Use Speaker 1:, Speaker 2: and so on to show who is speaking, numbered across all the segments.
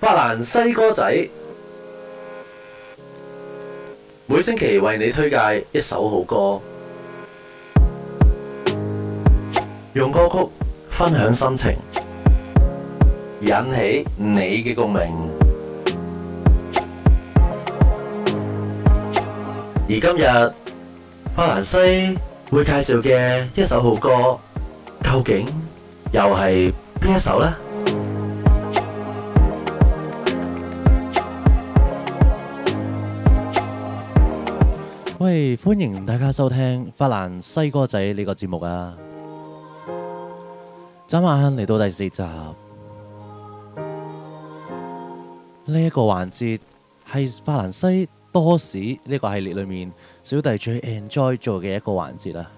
Speaker 1: 法蘭西歌仔每星期為你推介一首好歌，用歌曲分享心情，引起你嘅共鳴。而今日法蘭西會介紹嘅一首好歌，究竟又係邊一首呢？喂，歡迎大家收聽法蘭西歌仔呢個節目啊！今晚嚟到第四集，呢、這、一個環節係法蘭西多士呢個系列裏面小弟最 enjoy 做嘅一個環節啊。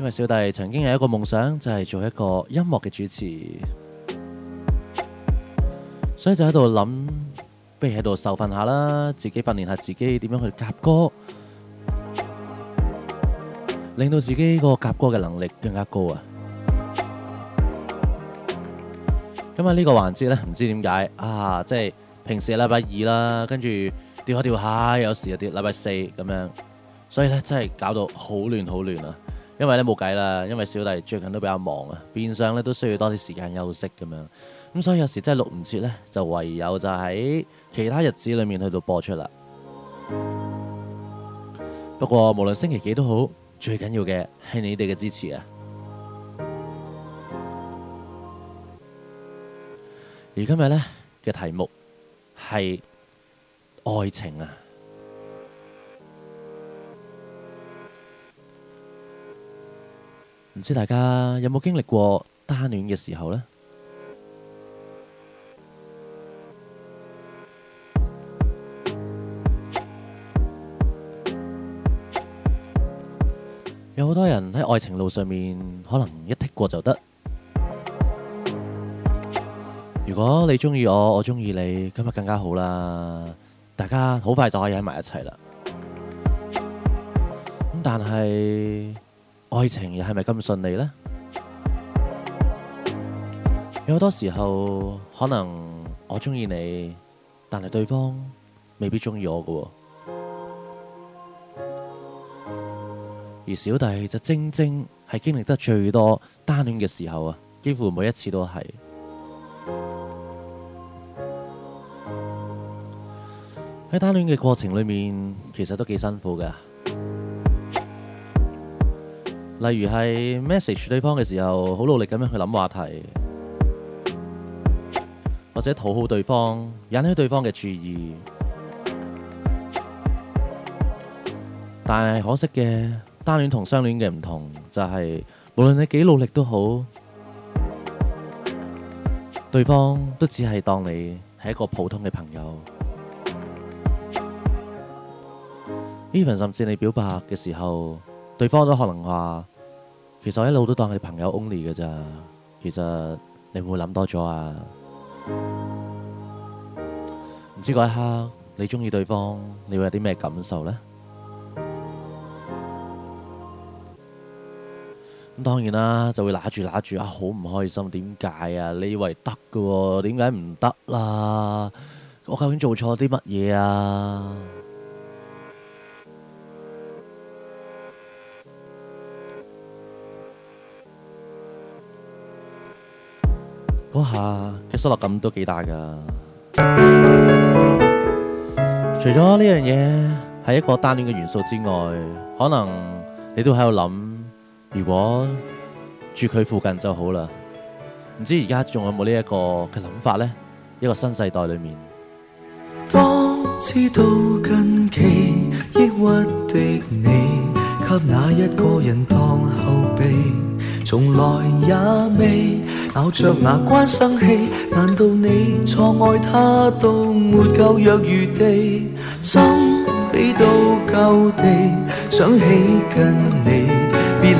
Speaker 1: 因為小弟曾經有一個夢想，就係、是、做一個音樂嘅主持，所以就喺度諗。不如喺度受訓下啦，自己訓練下自己點樣去夾歌，令到自己個夾歌嘅能力更加高啊！咁啊呢個環節咧，唔知點解啊，即係平時禮拜二啦，跟住調下調下，有時又調禮拜四咁樣，所以咧真係搞到好亂好亂啊！因為咧冇計啦，因為小弟最近都比較忙啊，變相咧都需要多啲時間休息咁樣，咁所以有時真係錄唔切咧，就唯有就喺其他日子裏面去到播出啦。不過無論星期幾都好，最緊要嘅係你哋嘅支持啊。而今日呢嘅題目係愛情啊。唔知道大家有冇經歷過單戀嘅時候呢？有好多人喺愛情路上面，可能一剔過就得。如果你中意我，我中意你，今日更加好啦，大家好快就可以喺埋一齊啦。但係愛情又係咪咁順利呢？有好多時候，可能我中意你，但係對方未必中意我噶。而小弟就正正係經歷得最多單戀嘅時候啊，幾乎每一次都係喺單戀嘅過程裏面，其實都幾辛苦㗎。例如係 message 對方嘅時候，好努力咁樣去諗話題，或者討好對方，引起對方嘅注意。但係可惜嘅。單戀同相戀嘅唔同就係，無論你幾努力都好，對方都只係當你係一個普通嘅朋友。Even 甚至你表白嘅時候，對方都可能話：其實我一路都當你朋友 only 嘅咋。其實你會唔會諗多咗啊？唔知嗰一刻你鍾意對方，你會有啲咩感受呢？咁當然啦，就會揦住揦住啊，好唔開心。點解啊？你以為得㗎喎，點解唔得啦？我究竟做錯啲乜嘢啊？嗰下嘅失落感都幾大噶。除咗呢樣嘢係一個單戀嘅元素之外，可能你都喺度諗。如果住佢附近就好啦，唔知而家仲有冇呢一個嘅諗法咧？一個新世代裏面。
Speaker 2: 當知道近期抑鬱的你，給哪一個人當後備？從來也未咬着牙關生氣，難道你錯愛他到沒夠約餘地？心飛到舊地，想起跟你。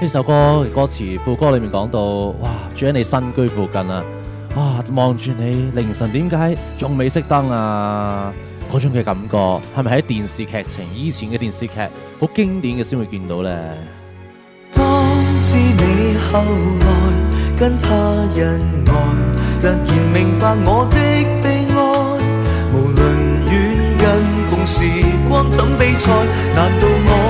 Speaker 1: 呢首歌嘅歌詞副歌裏面講到，哇，住喺你新居附近啦、啊，哇，望住你凌晨點解仲未熄燈啊？嗰種嘅感覺係咪喺電視劇情以前嘅電視劇好經典嘅先會見到呢？
Speaker 2: 當知你後來跟他人愛，突然明白我的悲哀，無論遠近共時光怎比賽，難道我？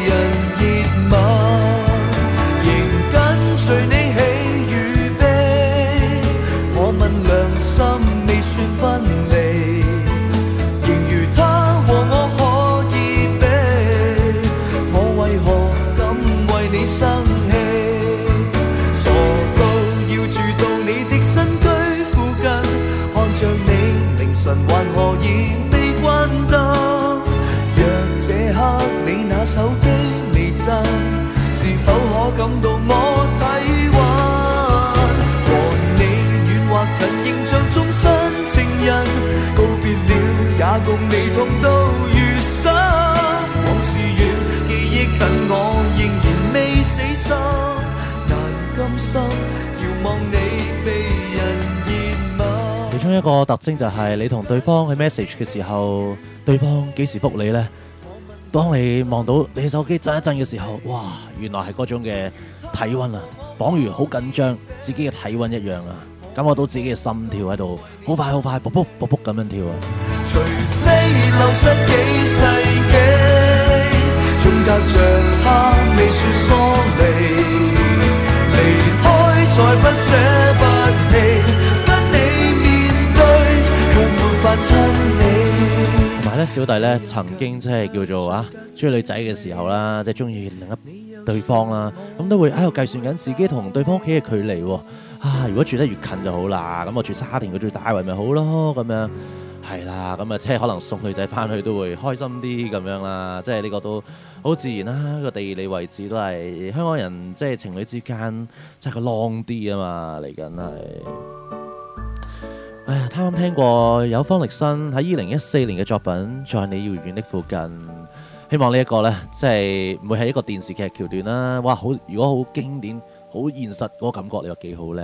Speaker 2: 其中一
Speaker 1: 個特徵就係你同對方去 message 嘅時候，對方幾時覆你呢？當你望到你手機震一震嘅時候，哇！原來係嗰種嘅體温啊，彷如好緊張自己嘅體温一樣啊，感覺到自己嘅心跳喺度，好快好快，噗噗噗噗咁樣跳啊！係咧，小弟咧曾經即係叫做啊，追女仔嘅時候啦，即係中意另一對方啦，咁都會喺度、哎、計算緊自己同對方屋企嘅距離喎、啊。啊，如果住得越近就好啦，咁我住沙田，佢住大圍咪好咯，咁樣係啦，咁啊即係可能送女仔返去都會開心啲咁樣啦，即係呢個都好自然啦、啊。個地理位置都係香港人即係、就是、情侶之間即係個浪啲啊嘛嚟緊係。啱啱聽過有方力申喺二零一四年嘅作品《在你遙遠的附近》，希望呢一個呢，即係唔會係一個電視劇橋段啦。哇！好，如果好經典、好現實嗰個感覺，你話幾好呢？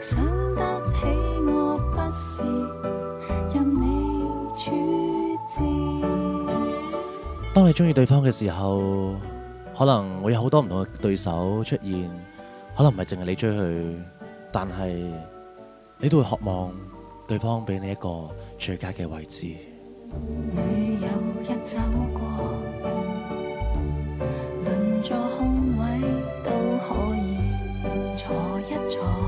Speaker 3: 想得起我，不是任你處置。
Speaker 1: 當你中意對方嘅時候，可能會有好多唔同嘅對手出現，可能唔係淨係你追佢，但係你都會渴望對方俾你一個最佳嘅位置。女友
Speaker 3: 一走過，輪座空位都可以坐一坐。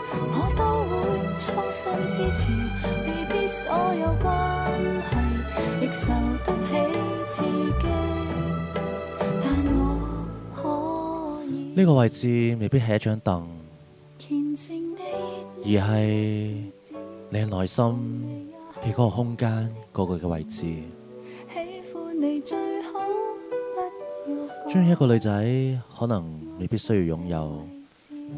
Speaker 3: 呢、這
Speaker 1: 個位置未必係一張凳
Speaker 3: 而
Speaker 1: 係你內心嘅嗰個空間，嗰、那個嘅位
Speaker 3: 置。鍾意一
Speaker 1: 個女仔可能未必需要擁有。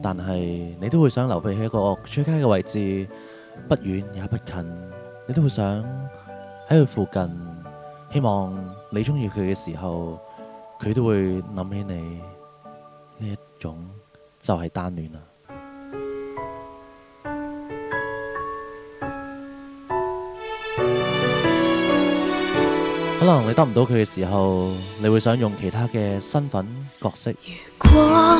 Speaker 1: 但係你都會想留俾喺一個屋出街嘅位置，不遠也不近。你都會想喺佢附近，希望你中意佢嘅時候，佢都會諗起你。呢一種就係單戀啦。可能你得唔到佢嘅時候，你會想用其他嘅身份角色。如果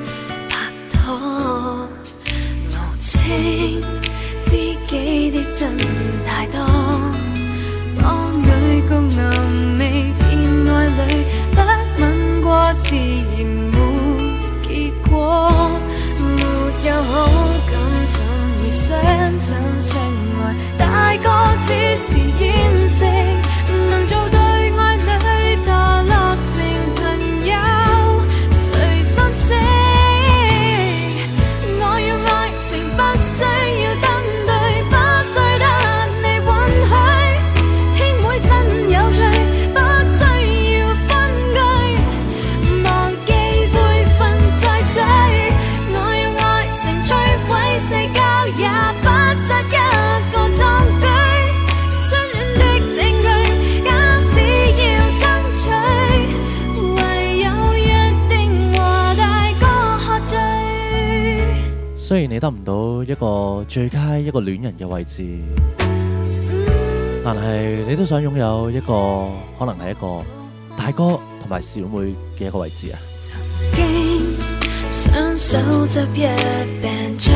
Speaker 1: 得唔到一個最佳一個戀人嘅位置，但係你都想擁有一個，可能係一個大哥同埋小妹嘅一個位置啊！曾
Speaker 3: 經雙手執一柄槍，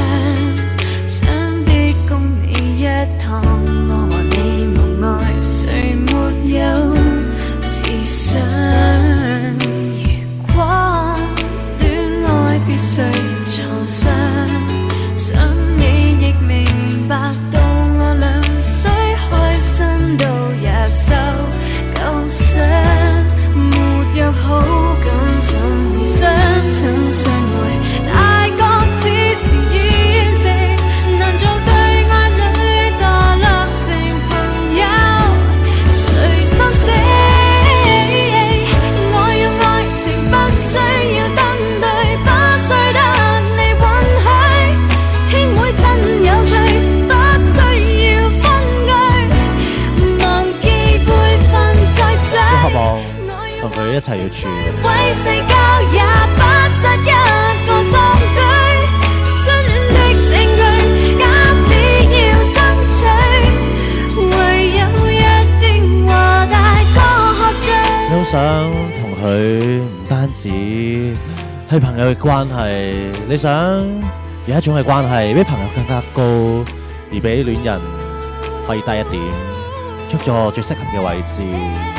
Speaker 3: 想逼供你一趟，我和你無愛，誰沒有自信？如果戀愛必須，佢一齊要處。你好
Speaker 1: 想同佢唔單止係朋友嘅關係，你想有一種嘅關係，比朋友更加高，而比戀人可以低一點，出咗最適合嘅位置。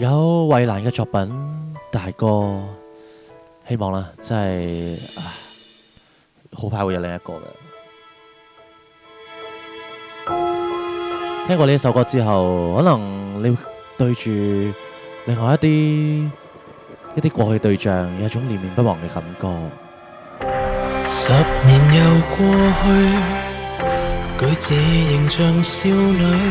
Speaker 1: 有衛蘭嘅作品，大哥希望啦，真係唉，好快會有另一個嘅。聽過呢一首歌之後，可能你會對住另外一啲一啲過去對象，有種念念不忘嘅感覺。
Speaker 4: 十年又過去，舉止仍像少女。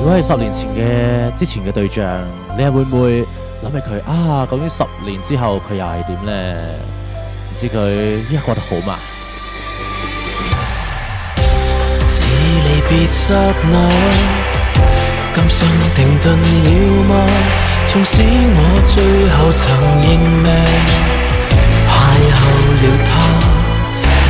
Speaker 4: 如
Speaker 1: 果係十年前嘅之前嘅對象，你又會唔會諗起佢啊？究竟十年之後佢又係點呢？唔知佢依家過得好嗎？
Speaker 4: 自離別剎那，今生停頓了嗎？縱使我最後曾認命，邂逅了他。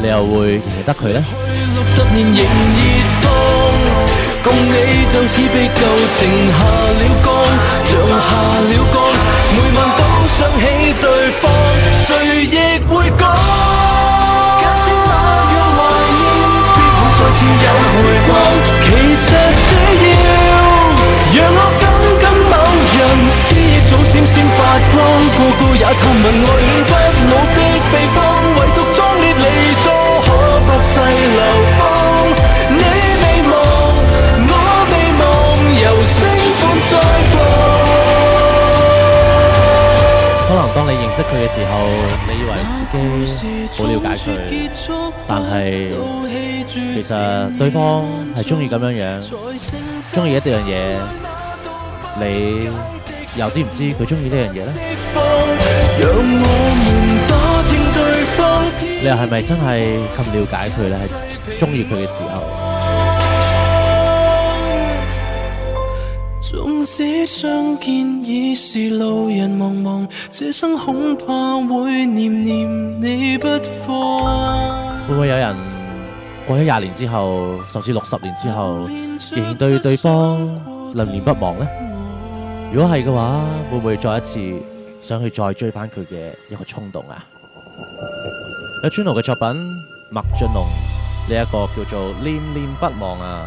Speaker 1: 你又會贏
Speaker 4: 得佢呢？
Speaker 1: 識佢嘅時候，你以為自己好了解佢，但係其實對方係中意咁樣樣，中意一啲樣嘢，你又知唔知佢中意呢樣嘢
Speaker 4: 咧？你
Speaker 1: 係咪真係咁了解佢咧？係中意佢嘅時候？
Speaker 4: 這相見已是路人茫茫，這生恐怕會念念你不放。
Speaker 1: 會唔會有人過咗廿年之後，甚至六十年之後，仍然對對方念念不忘呢？如果係嘅話，會唔會再一次想去再追翻佢嘅一個衝動啊？有 Juno 嘅作品《麥浚龍》呢、這、一個叫做《念念不忘》啊。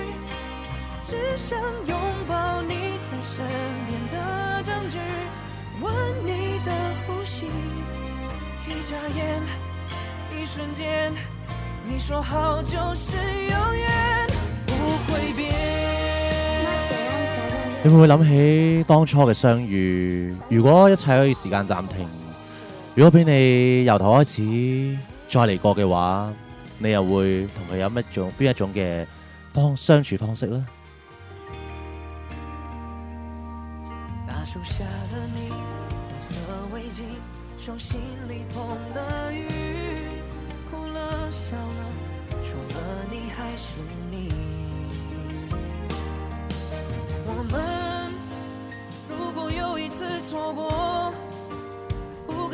Speaker 5: 只想擁抱你在身邊的證據，吻你的呼吸，一眨眼一瞬間，你說好就是永遠不會變。
Speaker 1: 走走走，你會唔會諗起當初嘅相遇，如果一切可以時間暫停，如果俾你由頭開始再嚟過嘅話，你又會同佢有乜種邊一種嘅方相處方式呢？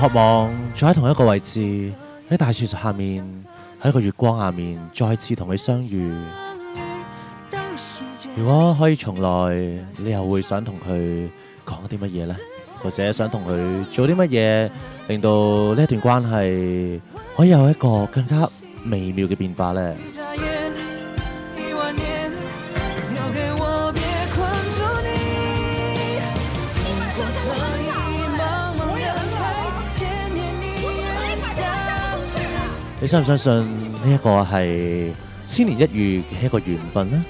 Speaker 1: 我渴望坐喺同一個位置，喺大樹樹下面，喺一個月光下面，再次同佢相遇。如果可以重來，你又會想同佢講啲乜嘢呢？或者想同佢做啲乜嘢，令到呢一段關係可以有一個更加微妙嘅變化呢？你信唔相信呢一個係千年一遇嘅一個緣分
Speaker 5: 呢？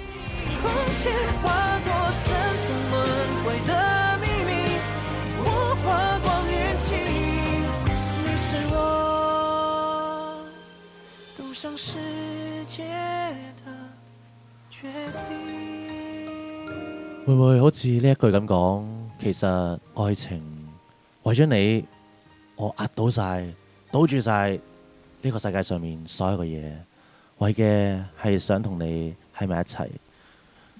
Speaker 5: 會
Speaker 1: 唔會好似呢一句咁講？其實愛情為咗你，我壓到晒，賭住晒。呢、這個世界上面所有嘅嘢，為嘅係想同你喺埋一齊。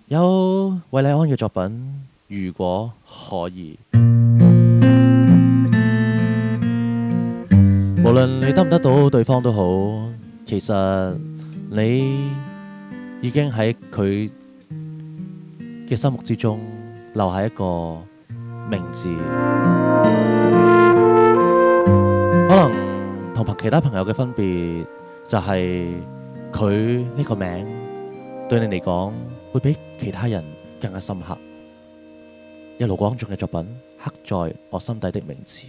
Speaker 1: 有惠利安嘅作品，如果可以，無論你得唔得到對方都好，其實你已經喺佢嘅心目之中留下一個名字，可能。其他朋友嘅分別，就係佢呢個名對你嚟講，會比其他人更加深刻。有盧廣仲嘅作品刻在我心底的名字。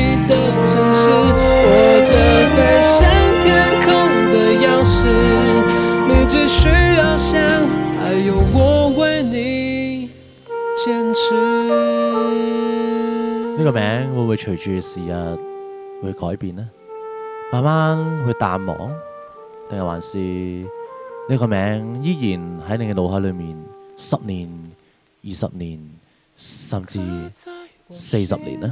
Speaker 1: 呢個名會唔會隨住時日會改變呢？慢慢會淡忘，定係還是呢個名依然喺你嘅腦海裏面十年、二
Speaker 6: 十年，甚至四十年呢？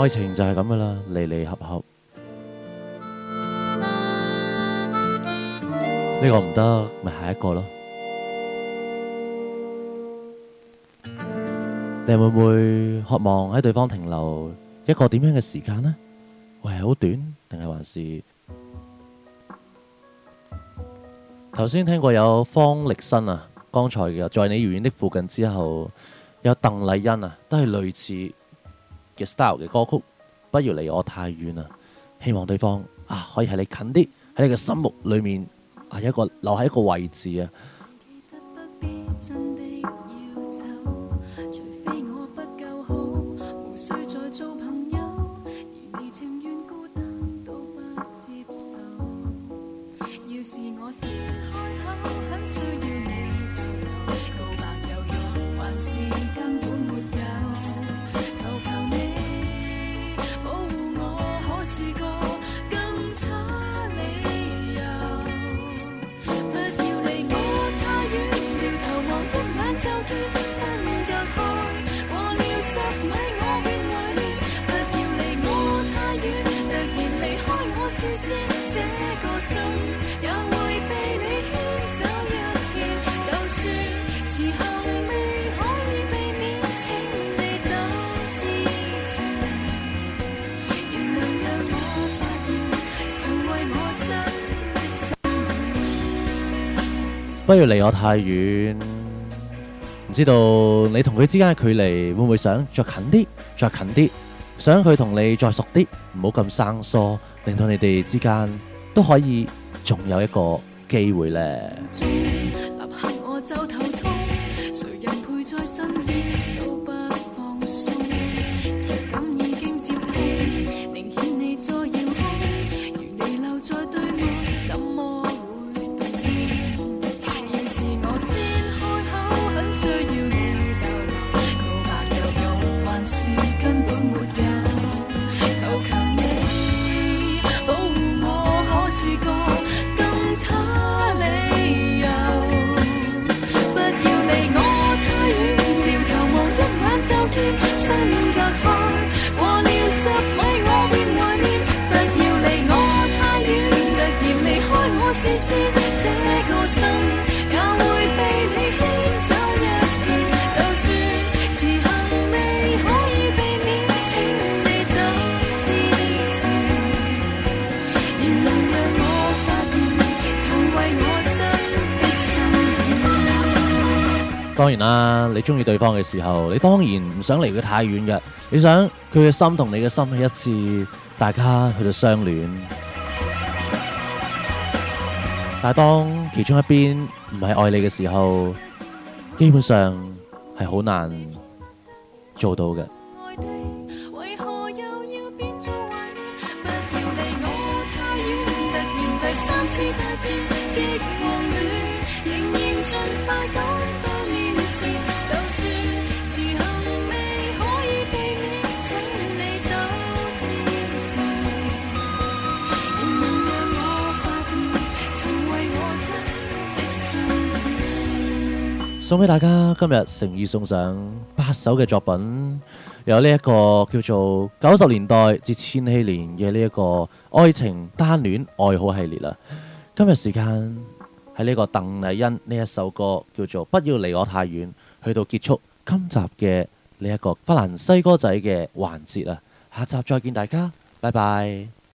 Speaker 1: 愛情就係咁噶啦，離離合合，呢個唔得，咪下一個咯。你會唔會渴望喺對方停留一個點樣嘅時間呢？會係好短，定係還是？頭先聽過有方力申啊，剛才嘅《在你遙遠的附近》之後，有鄧麗欣啊，都係類似。嘅 style 嘅歌曲，不要離我太遠啊！希望對方啊，可以係你近啲，喺你嘅心目裏面啊，一個留喺一個位置啊。 不如離我太遠，唔知道你同佢之間嘅距離會唔會想再近啲，再近啲，想佢同你再熟啲，唔好咁生疏，令到你哋之間都可以仲有一個機會呢？ 你中意對方嘅時候，你當然唔想離佢太遠嘅。你想佢嘅心同你嘅心係一次，大家去到相戀。但係當其中一邊唔係愛你嘅時候，基本上係好難做到嘅。送俾大家，今日誠意送上八首嘅作品，有呢一個叫做九十年代至千禧年嘅呢一個愛情單戀愛好系列啦。今日時間喺呢個鄧麗欣呢一首歌叫做《不要離我太遠》，去到結束今集嘅呢一個法蘭西歌仔嘅環節啦。下集再見大家，拜拜。